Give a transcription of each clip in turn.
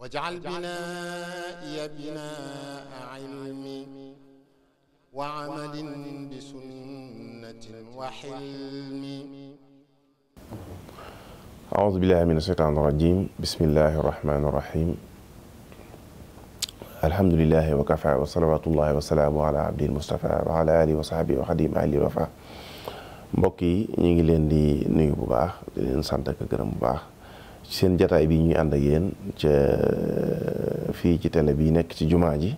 واجعل بنائي بناء علم وعمل بسنة وحلم أعوذ بالله من الشيطان الرجيم بسم الله الرحمن الرحيم الحمد لله وكفى وصلوات الله وسلامه على عبد المصطفى وعلى آله وصحبه وخديم أهل وفاه mbokk yi ñu ngi leen di nuyu bu baax di leen sant ak gërëm bu baax seen jataay bi ñuy ànd ak yéen ca euh, fii ci télé bi nekk ci jumaa ji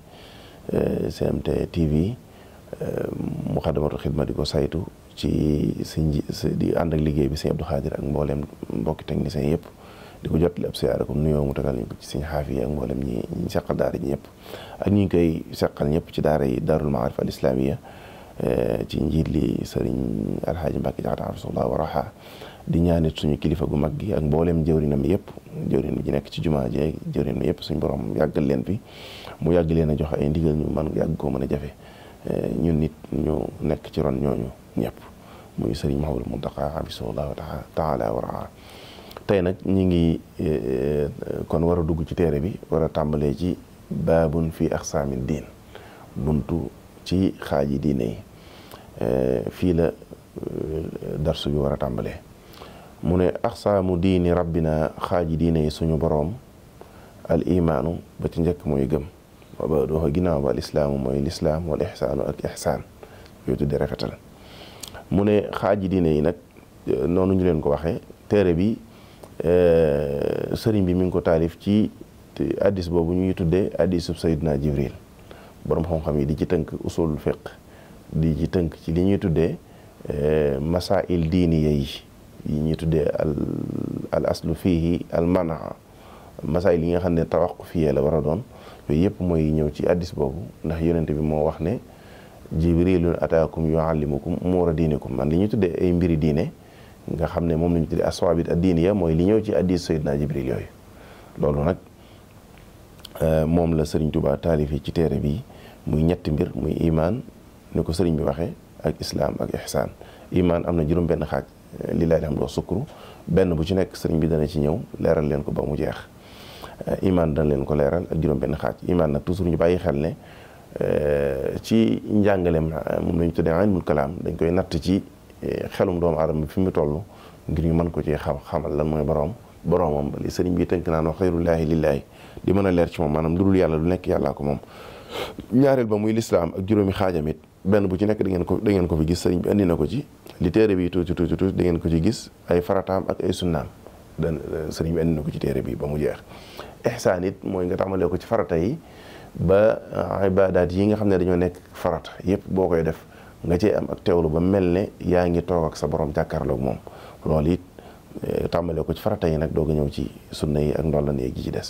GMT euh, TV euh, Muxaddamatul Xidma di ko saytu ci sëñ di ànd ak liggéey bi sëñ Abdou Khadir ak mbooleem mbokki techniciens yëpp di ko jottali ab siyaare comme nuyoo mu tegal ñu ko ci sëñ xaaf yi ak mboolem ñi ñu daara ji ñëpp ak ñi ngi koy seqal ñëpp ci daara yi daarul maarif al islamiya ci njiit li sëriñ alhaaji Mbàkke Jaxate hafisahullah wa raha di ñaanit suñu kilifa gu mag gi ak mbooleem jëwrinam yëpp jëwrin ji nekk ci jumaa ji jëwrin yëpp suñu borom yàggal leen bi mu yàgg leen a jox ay ndigal ñu man yàgg koo mën a jafe eh, ñun nit ñu nekk ci ron ñooñu ñëpp muy sëriñ Mahamadou Muntaqa abisallaahu war wa raa tey nag ñu ngi eh, eh, kon war a dugg ci téere bi war a tàmbalee ci baabun fi axsaamin diin buntu ci xaaji diine yi fii la darsu bi war a tàmbalee mu ne axsaamu diini rabbina xaaji diine yi suñu boroom al imaanu ba ci njëkk mooy gëm wa ba dooxa ginnaaw ba al islaamu mooy lislaam wal ixsaanu ak ixsaan yooyu tudde rafetal mu ne xaaji diina yi nag eh, noonu ñu leen ko waxee téere bi eh, sëriñ bi mi ngi ko taalif ci addis boobu ñuy tuddee addisub sayyidina jibril borom xam-xam yi di ci tënk usulul fiq di ci tënk ci li ñuy tuddee eh, masail diini yi yi ñuy tuddee al al aslu fihi al manaa masaay li nga xam ne tawax tawaqqufiyee la war a doon yooyu yëpp mooy ñëw ci addis boobu ndax yonente bi moo wax ne jibrilun ataakum yuallimukum umuura diinikum man li ñuy tuddee ay mbiri diine nga xam ne moom la ñu tuddee aswaabit ad diiniya mooy li ñëw ci addis sayyidina jibril yooyu loolu nag euh, moom la sëriñ Tuubaa taalif yi ci téere bi muy ñetti mbir muy imaan ni ko sëriñ bi waxee ak islaam ak ihsaan imaan am na juróom benn xaaj li lay dem loo sukkuru benn bu ci nekk sëriñ bi dana ci ñëw leeral leen ko ba mu jeex eh, imaan dana leen ko leeral ak juróom benn xaaj imaan nag toujours ñu bàyyi xel ne eh, ci njàngaleem eh, moom lañu tuddee ilmul kalaam dañ koy natt ci xelum doomu aadama bi fi mu toll ngir ñu mën ko ci xam xamal lan mooy boroom boroomam li sëriñ bi tënk naan wax xayrullaahi lillaahi di mën a leer ci moom maanaam yàlla lu nekk yàllaa ko moom ñaareel ba muy lislaam ak juróomi xaajam it benn bu ci nekk da ngeen ko da ngeen ko fi gis sëriñ bi indi na ko ci li téere bi tuuti tuuti tuuti da ngeen ko ci gis ay farataam ak ay sunnaam dan eh, sëriñ bi indi ko ci téere bi ba mu jeex ihsaan mooy nga tàmbalee ko ci farata yi ba eh, ibaadaat yi nga xam ne dañoo nekk farata yëpp boo koy def nga cee am ak teewlu ba mel ne yaa ngi toog ak sa borom jàkkaarloog moom loolu it eh, tàmbalee ko ci farata yi nag doog ñëw ci sunna yi ak ndollan yi gi ci des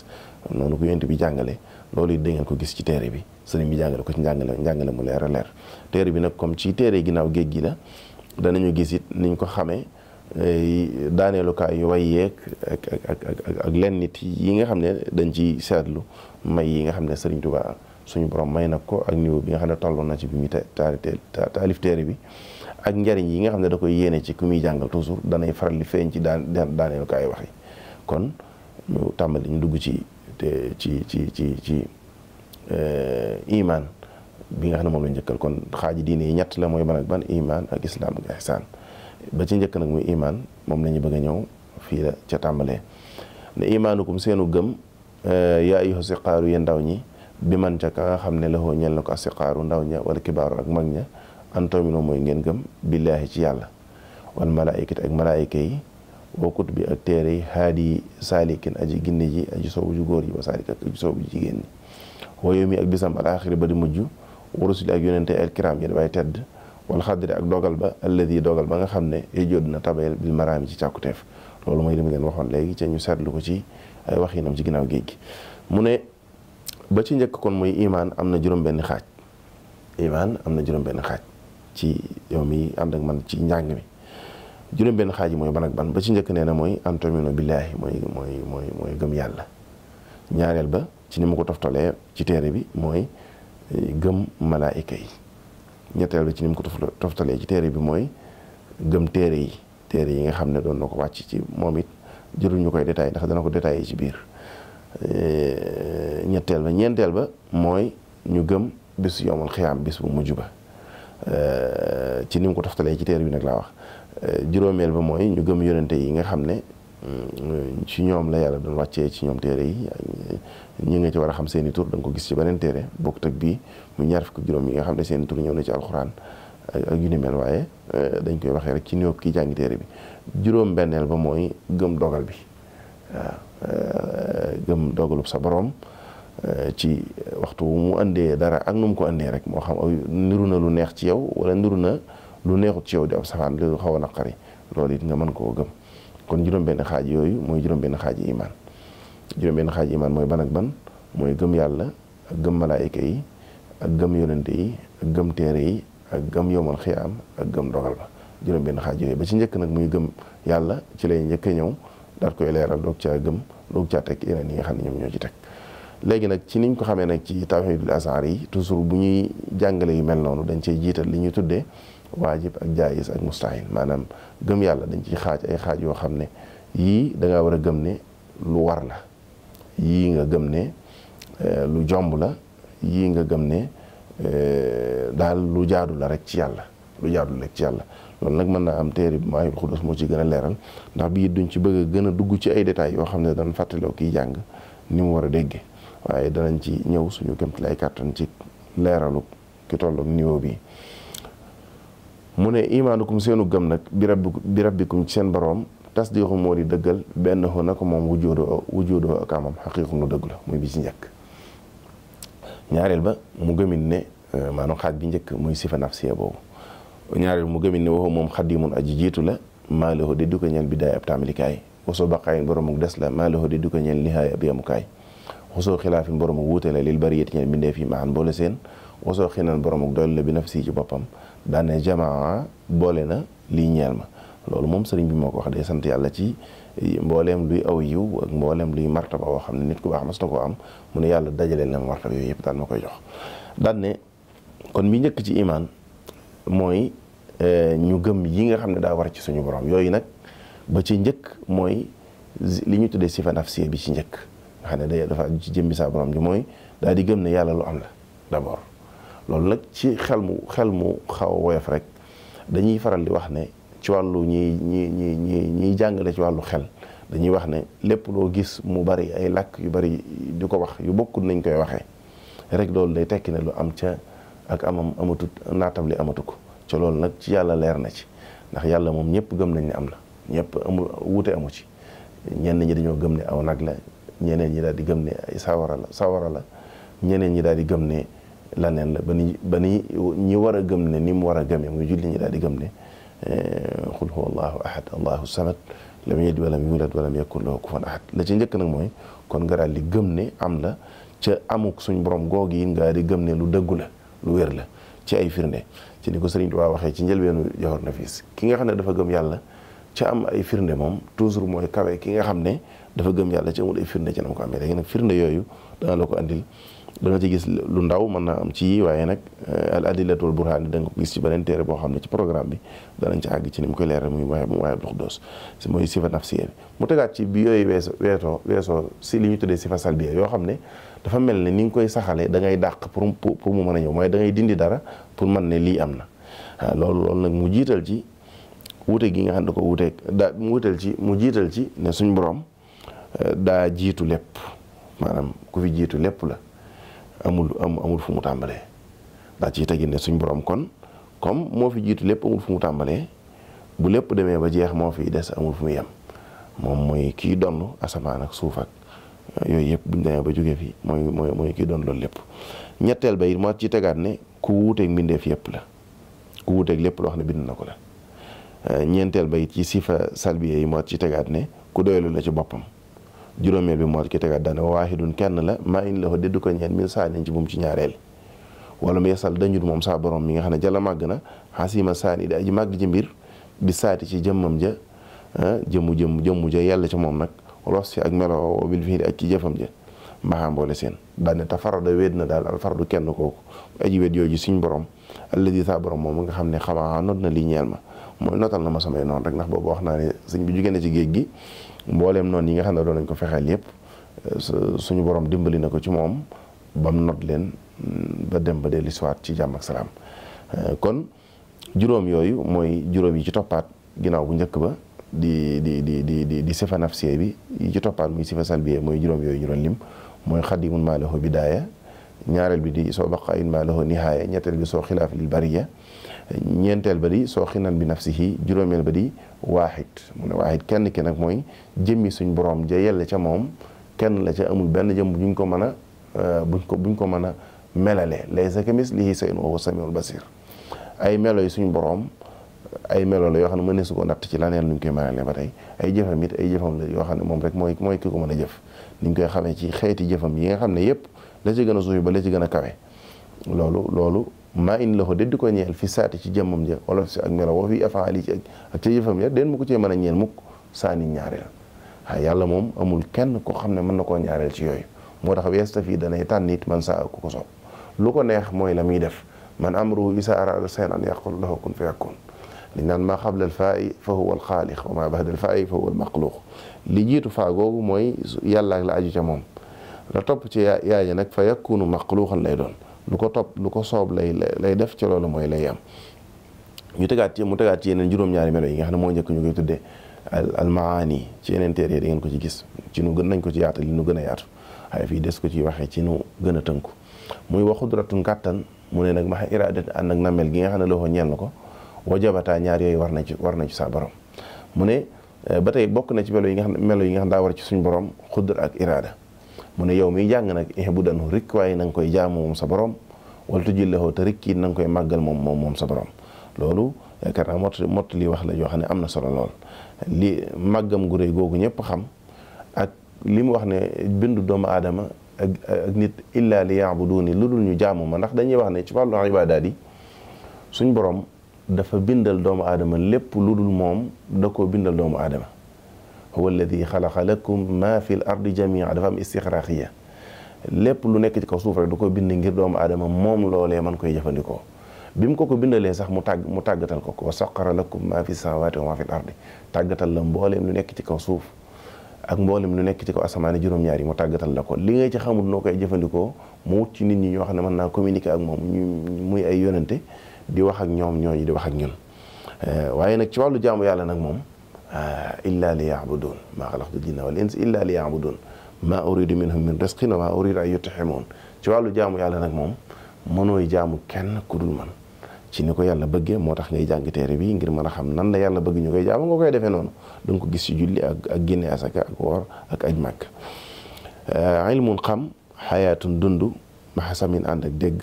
noonu ko yént bi jàngale loolu it da ngeen ko gis ci téere bi sëriñ bi jàngale ko ci njàngale njàngale mu leer a leer téere bi nag comme ci téere ginnaaw géej gi na danañu gis it niñ ko xamee daaneelukaay yu way yeeg ak ak ak lenn nit yi nga xam ne dañ ci seetlu may yi nga xam ne Sëriñ Tuubaa suñu borom may nag ko ak niveau bi nga xam ne tolloon na ci bi muy taalif téere bi ak njariñ yi nga xam ne da koy yéene ci ku muy jàngal toujours danay faral di feeñ ci daan daaneelukaayu wax yi kon ñu tàmbali ñu dugg ci te ci ci ci ci euh, imaan bi nga xam ne moom la njëkkal kon xaaji diine yi ñett la mooy ban ak ban iman ak islam ak ihsaan ba ci njëkk nag muy imaan moom la ñu bëgg a ñëw fii la ca tàmbalee ne imaanukum seenu gëm eh, yaa ayyuha siqaaru ye ndaw ñi bi man ca ka nga xam ne laxoo ñel na ko asiqaaru ndaw ña wala kibaaru ak mag ña antomino mooy ngeen gëm billaahi ci yàlla wal malaaykati ak malaayka yi wa kutbi ak téere yi haadi yi saalikin aji ginne ji aji soobu ju góor yi wa jigéen ñi wa yawmi ak ba di mujj wa rusuli ak yonente al kiram yi dafay tedd wal xadri ak dogal ba alladi dogal ba nga xam ne yëjoot na tabayel bil maraami ci càkkuteef loolu mooy li mu leen waxoon léegi ca ñu seetlu ko ci ay waxinam ci ginnaaw géej gi mu ne ba ci njëkk kon mooy imaan am na juróom-benn xaaj imaan am na juróom xaaj ci yow mi ànd ak man ci njàng mi juróom-benn xaaj yi mooy ban ak ban ba ci njëkk nee na mooy antomino billaahi mooy mooy mooy mooy gëm yàlla ñaareel ba ci ni mu ko toftalee ci téere bi mooy gëm malaayika yi ñetteel bi ci ni ko toftalee ci téere bi mooy gëm téere yi téere yi nga xam ne doon na ko wàcc ci moom it jëruñu ñu koy détaillé ndax dana ko détaillé ci biir ñetteel ba ñeenteel ba mooy ñu gëm bis yowmal xiyaam bis bu mujj ba ci ni mu ko toftalee ci téere bi nag laa wax juróomeel ba mooy ñu gëm yonente yi nga xam ne ci ñoom la yàlla doon wàccee ci ñoom téere yi ñu nga ci war a xam seen i tur da nga ko gis ci beneen téere bokkut ak bii mu ñaar fukk juróom yi nga xam ne seen i tur ñëw na ci alxuraan ak yu ni mel waaye eh, dañ koy waxee rek ci néew kii jàngi téere bi juróom benneel ba mooy gëm dogal bi waaw eh, gëm dogalub sa borom eh, ci waxtu mu andee dara ak nu mu ko indee rek moo xam aw niru na lu neex ci yow wala niru na lu neexut ci yow di ab safaan lu xaw a naqari loolu it nga mën koo gëm kon juróom-benn xaaj yooyu mooy juróom-benn xaaji imaan juróom-benn xaaji imaan mooy ban ak ban mooy gëm yàlla ak gëm malaayika yi ak gëm yonente yi gëm téere yi ak gëm yomal xiyaam ak gëm dogal ba juróom-benn xaaj yooyu ba ci njëkk nag muy gëm yàlla ci lay njëkk ñëw daal koy leeral doog caa gëm doog caa teg yeneen yi nga xam ne ñoom ñoo ci teg léegi nag ci niñ ko xamee nag ci tawhidul asar yi toujours bu ñuy jàngale yu mel noonu dañ cey jiital li ñuy tuddee waajib ak jaayis ak mustahin maanaam gëm yàlla dañ ciy xaaj ay xaaj yoo xam ne yii da war a gëm ne lu war la yii nga gëm ne eh, lu jomb la yii nga gëm ne eh, daal lu jaadu la rek ci yàlla lu jaadu la yàlla loolu nag mën naa am téere bi maayul xudus moo ci gën a leeral ndax bii duñ ci bëgg a gën a dugg ci ay détails yoo xam ne dañ fàttaloo kiy jàng ni mu war a dégge waaye danañ ci ñëw suñu kéemtalaay kàttan ci leeralu ki tolloog niveau bi mu ne imaanukum seenu gëm nag bi rabbi bi ci seen boroom tas diixu moo di dëggal benn xu na ko moom wujjóodoo wujjóodoo ak amam xaqiiqu nu dëgg la muy bi ci njëkk ñaareel ba mu gëmin ne euh, maanaam xaaj bi njëkk muy sifa nafsiya boobu ñaareel mu gëmin ne waxu moom xaddimun a jiitu la maa lahu di ko ñeel bi daay ab taamalikaay wasoo baqaayin boromuk des la maa lahu di du ko ñeel nihaay ab yemukaay wasoo xilaafin boromuk wuute la lil bariyati ñeel mbindeef yi maan boole la bi nafsi ci boppam daan ne jamaa boole na lii ñeel ma loolu moom sëriñ bi moo ko wax day sant yàlla ci mbooleem luy aw yiw ak mbooleem luy martaba woo xam ne nit ku baax mas na koo am mu ne yàlla dajalee na ma martaba yooyu yëpp daan ma koy jox daan kon bi njëkk ci imaan mooy e, ñu gëm yi nga xam ne daa war ci suñu borom yooyu nag ba ci njëkk mooy li ñu tuddee sifa nafsiya bi ci njëkk nga xam ne day dafa ci jëmbi saa borom bi mooy daal di gëm ne yàlla lu am la d'abord loolu nag ci xel mu xel mu xaw a woyof rek dañuy faral di wax ne ci wàllu ñi ñi ñi ñi ñiy jàngale ci wàllu xel dañuy wax ne lépp loo gis mu bari ay làkk yu bari di ko wax yu bokkul nañ koy waxee rek loolu day tekki ne lu am ca ak amam amatut naatam li amatu ko ci loolu nag ci yàlla leer na ci ndax yàlla moom ñëpp gëm nañ ne am na ñëpp amul wuute amu ci ñenn ñi dañoo gëm ne aw nag la ñeneen ñi daal di gëm ne ay sawara la sawara la ñeneen ñi daal di gëm ne laneen la ba ni ba ni ñi war a gëm ne ni mu war a gëmee muy julli ñi daal gëm ne eh, qul huwa allahu ahad allahu samad lam yalid walam yulad walam yakun lahu kufuwan ahad la ci njëkk nag mooy kon nga daal gëm ne am la ca amuk suñ borom goog yi nga di gëm ne lu dëggu la lu wér la ci ay firnde ci ni ko Sëriñ Tuubaa waxee ci njëlbeenu Jawhar Nafis ki nga xam ne dafa gëm yàlla ca am ay firnde moom toujours mooy kawe ki nga xam ne dafa gëm yàlla ci amul ay firnde ci nam ko amee léegi nag firnde yooyu dana la ko andil da ci gis lu ndaw mën naa am ci yi waaye nag euh, al adillatu wal burhaan da nga ko gis ci beneen boo xam ne ci programme bi danañ ci àgg ci ni mu koy leeral muy waaye waaye bu xuddoos mooy sifa nafsiya bi mu tegaat ci bi yooyu weeso weetoo weesoo si li ñu tuddee fa salbiya yoo xam ne dafa mel ne ni nga koy saxalee da ngay dàq pour pour mu mën a ñëw mooy dangay dindi dara pour man ne lii am na waaw ah, loolu loolu nag mu jiital ci wuute gi nga xam ne ko wuuteeg daa mu wutal ci mu jiital ci ne suñ borom euh, daa jiitu lépp maanaam ku fi jiitu lépp la amul amul fu mu tàmbalee daa ciy tegin ne suñ borom kon comme moo fi jiitu lépp amul fu mu tàmbalee bu lépp demee ba jeex moo fi des amul fu mu yem moom mooy kii donn asamaan ak eh, yooyu yëpp buñ demee ba jógee fi mooy mooy mooy kii loolu lépp ñetteel ba it moo ci tegaat ne ku wuuteeg mbindeef yëpp la ku wuuteeg lépp loo xam ne bind na ko la eh, ñeenteel ba it ci sifa salbiye yi moo ci tegaat ne ku doylu la ci boppam juróomeel bi moo ki tegaat daane kenn la maa in la ko déddu ko ñeen min saanin ci bu mu ci ñaareel wala mu yesal dañut moom saa borom mi nga xam ne jala màgg na xasima saani di aji màgg ci mbir bi saati ci jëmmam ja ah, jëmmu jëmm jëmmu ja yàlla ca moom nag wala si ak melo bil fii ak ci jëfam ja maxaa mboole seen daane tafarada wéet na daal alfardu kenn kooku aji wéet yooyu suñ borom alladi saa borom moom nga xam ne xamaa not na lii ñeel ma mooy notal na ma samay noonu rek ndax boobu wax naa ne sëñ bi jugee na ci géej gi mbooleem noonu yi nga xam ne doon nañ ko fexeel euh, su suñu borom dimbali na ko ci moom bam not leen mm, ba dem ba dellu siwaat ci jàmm ak salaam euh, kon juróom yooyu mooy juróom yi ci toppaat ginnaaw bu njëkk ba di di di di di di sifa bi yi ci toppaat muy sifa salbiya mooy juróom yooyu ñu doon lim mooy xadimun maa lahu bidaaya ñaareel bi di soo baqaayun maa lahu nihaaya ñetteel bi soo xilaaf bari bariya ñeenteel ba di soo xinan bi si nafsihi juróomeel ba di waaxid mu ne waaxid kenn ki nag mooy jëmmi suñ borom ja yelle ca moom kenn la ca amul benn jëm buñ ko mën a euh, buñ ko buñ ko mën a melale laysa kamislihi shay'un wa huwa samiul basir ay melo yi suñ borom ay melo yoo xam ne mëneesu ko natt ci la neen luñ koy melale ba tey ay jëfam ay jëfam la yoo xam ne moom rek mooy mooy ki ko mën a jëf niñ koy xamee ci xeeti jëfam yi nga xam ne yépp la ci gën a suufi ba la ci gën a kawe loolu loolu maa in lahu de di ko ñeel fi saati ci jëmmam ja wala si ak melo wa fi afaali ci ak ca jëfam ja den mu ko cee a ñeel mukk saani ñaareel waaye yàlla moom amul kenn koo xam ne mën na koo ñaareel ci yooyu moo tax weesta fii danay tànn nit man saa ku ko sopp lu ko neex mooy la muy def man amruhu isa arada sayan an yaqul lahu kun fayakun li naan maa xabla al faa'i fa huwa al xaaliq wa maa ba'da al faa'i fa huwa al li jiitu faa googu mooy yàlla ak la aju ca moom la topp ci yaa ya nag fa yakunu maxluuqan lay doon lu ko topp lu ko soob lay lay def ci loolu mooy lay yam ñu tegaat ci mu tegaat ci yeneen juróom-ñaari melo yi nga xam ne moo njëkk ñu koy tuddee al maani ci yeneen téere yi da ngeen ko ci gis ci nu gën nañ ko ci yaatu li nu gën a yaatu waaye fii des ko ci waxee ci nu gën a tënku muy wa xudratun kàttan mu ne nag maxa iradat ànd ak namel gi nga xam ne loxo ñeen na ko wajabataa ñaar yooyu war nañ ci war na ci saa borom mu ne eh, ba tey bokk na ci melo yi nga xam ne melo yi nga xam daa ci suñu borom xudra ak irada mu ne yow mi jàng nag ihbudanhu rikk waaye na koy jaamu moom sa borom wala tujillahoo te rikk it na nga koy màggal moom moom sa borom loolu yaakaar naa mot mot li wax la yoo xam ne am na solo lool li màggam gu rëy googu ñëpp xam ak li mu wax ne bindu doomu aadama ak ak nit illa li ni lu dul ñu jaamu ma ndax dañuy wax ne ci wàllu ibaadaat yi suñ borom dafa bindal doomu aadama lépp lu dul moom da koo bindal doomu aadama huwa alladi xalaqa lakum ma fi l ardi jamia dafa am istixraaqiya lépp lu nekk ci kaw suuf rek da ko bind ngir doomu aadama moom loolee man koy jëfandikoo bi mu ko ko bindalee sax mu tàgg mu tàggatal ko ko wa saqara lakum ma fi samawati wa ma tàggatal la mbooleem lu nekk ci kaw suuf ak mboolem lu nekk ci kaw asamaane juróom-ñaar yi mu tàggatal la ko li ngay ci xamul noo koy jëfandikoo mu wut ci nit ñi ñoo xam ne mën naa communiquer ak moom ñu muy ay yonante di wax ak ñoom ñooñu di wax ak ñun eh, waaye nag ci wàllu jaamu yàlla nag moom illa li yabudun maa xalaqtul jinna wal insa illa li yabudun maa uridu minhum min risqin wa maa uridu an yut'imoon ci wàllu jaamu yàlla nag moom mënooy jaamu kenn ku dul man ci ni ko yàlla bëgge moo tax ngay jàng téere bi ngir mën a xam nan la yàlla bëgg ñu koy jaamu nga koy defee noonu da ko gis ci julli ak ak génne asaka ak woor ak aj màkk euh, ilmun xam xayaatun dund maxa samin ànd ak dégg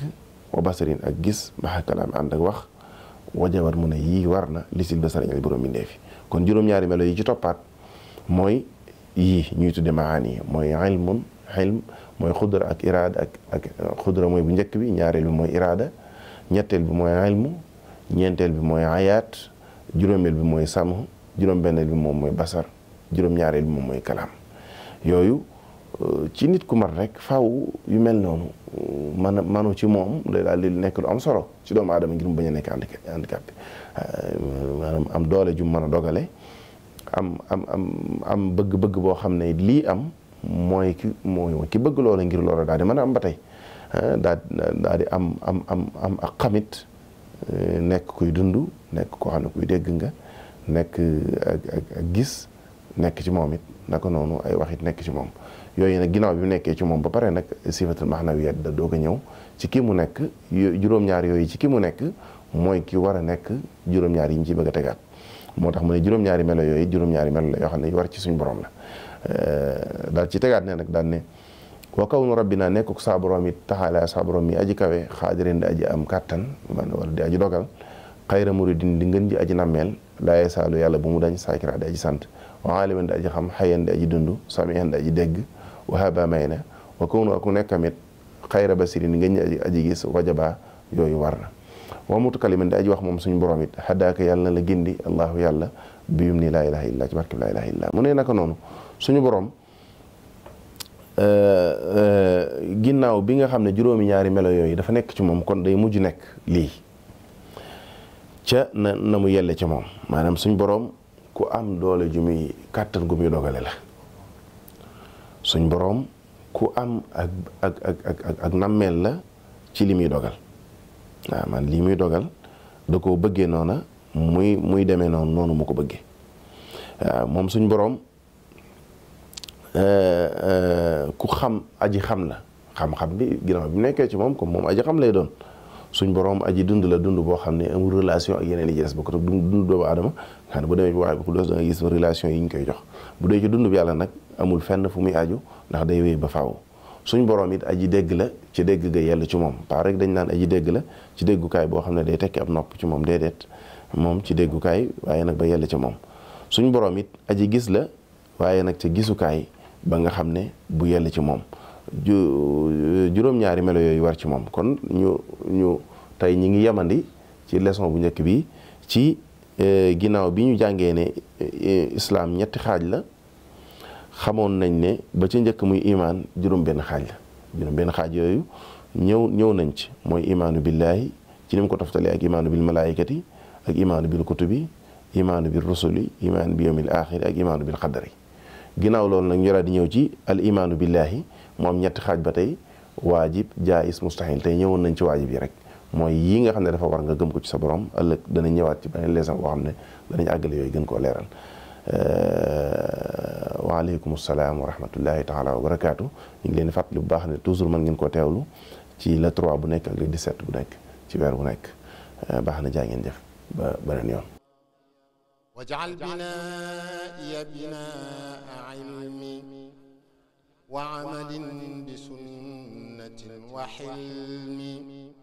wa basarin ak gis maxa kalaam ànd ak wax wajabat mu ne yii war na li sil basar ñeel borom bindee fi kon juróom-ñaari melo yi ci toppaat mooy yii ñuy tudde maani mooy ilmun ilm mooy xudra ak iraada ak ak xudra mooy bu njëkk bi ñaareel bi mooy iraada ñetteel bi mooy ilmu ñeenteel bi mooy ayaat juróomeel bi mooy samu juróom-benneel bi moom mooy basar juróom-ñaareel bi moom mooy kalaam yooyu ci nit ku mat rek faaw yu mel noonu man manu ci moom day daal di nekk lu am solo ci doomu aadama ngir mu bañ a nekk handicapé euh, maanaam am doole ju mën a dogale am bëgg-bëgg boo xam ne lii am mooy ki mooy ki bëgg loola ngir loola daal di mën a am ba tey euh, daa di am am am am ak euh, nekk kuy dund nekk koo xam ne kuy dégg nga nekk ak gis nekk ci moom it naka noonu ay waxit nekk ci moom yooyu nag ginaaw bi mu nekkee ci moom ba pare nag sifatul maanawiya da doog a ñëw ci ki mu nekk juróom-ñaar yooyu ci kii mu nekk mooy kii war a nekk juróom-ñaar yi ñu ciy bëgg a tegaat moo tax mu ne juróom-ñaari melo yooyu juróom-ñaari melo la yoo xam ne war ci suñu borom la daal ci tegaat ne nag daal ne wa kawnu naa nekk saa borom it taxaala saa borom yi aji kawe xaadirin di aji am kàttan man wala di aji dogal xayra muridin di ngën ji aji nammeel laaye saalu yàlla bu mu dañ saakira di aji sant waaliman di aji xam xayan di aji dund samihan di aji dégg wa haba may na wa kunu aku nekk tamit xayra basiri ni nga ñu aji gis wajaba yooyu war na wa mutu kaliman di aji wax moom suñu borom it xadaaka yàlla na la gindi allahu yàlla biyum ni laa ilaha illa ci barkeb laa ilaha illa mu ne noonu suñu borom euh, euh, ginnaaw bi nga xam ne juróomi ñaari melo yooyu dafa nekk ci moom kon day mujj nekk lii ca na na mu yelle ci moom maanaam suñu boroom ku am doole ju muy kàttan gu muy dogale la suñ boroom ku am ak ak la ci li muy dogal waaw man lii muy dogal da koo bëggee noona muy muy demee noonu noonu mu ko bëggee waaw moom suñ boroom eh, eh, ku xam aji xam la xam-xam bi ginnaaw bi nekkee ci moom comme moom aji xam lay doon suñ boroom aji dund la dund boo xam ne amul relation ak yeneen yi ci des bokk ak dund doomu aadama xam bu demee ci waaye bu ko da nga gis relation yi ñu koy jox bu dee ci dund bi yàlla nag amul fenn fu muy aju ndax day wéy ba faw suñ borom it aji dégg la ci dégg ga yell ci moom pas rek dañ naan aji dégg la ci déggukaay boo xam ne day tekki ab nopp ci moom déedéet moom ci déggukaay waaye nag ba yell ci moom suñ borom aji gis la waaye nag ca gisukaay ba nga xam ne bu yell ci moom juróom-ñaari melo yooyu war ci moom kon ñu ñu tey ñi ngi yemandi ci leçon bu njëkk bi ci eh, ginnaaw bi ñu jàngee ne eh, eh, islaam ñetti xaaj la xamoon nañ ne ba ci njëkk muy imaan juróom benn xaaj la juróom benn xaaj yooyu ñëw ñëw nañ ci mooy imaanu billaahi ci ni mu ko toftalee ak imaanu bil malaayikati ak imaanu bil kutubi imaanu bil rusuli imaan bi yawmil aaxiri ak imaanu bil xadari ginnaaw loolu nag ñu daal di ñëw ci al imaanu billaahi mu am ñetti xaaj ba tey waajib jaayis mustahil tey ñëwoon nañ ci waajib yi rek mooy yii nga xam ne dafa war nga gëm ko ci sa borom ëllëg dana ñëwaat ci beneen leçon boo xam ne danañ àggale yooyu gën koo leeral Euh, waaleykum salaam wa rahmatullahi taala wa barakaatu ñu ngi leen di bu baax ne toujours mën ngeen ko teewlu ci le 3 bu nekk ak le 17 bu nekk ci weer bu nekk euh, baax na jaa ngeen jëf ba beneen yoon waj'al binaaya binaa ilmi wa amalin bi sunnatin wa hilmi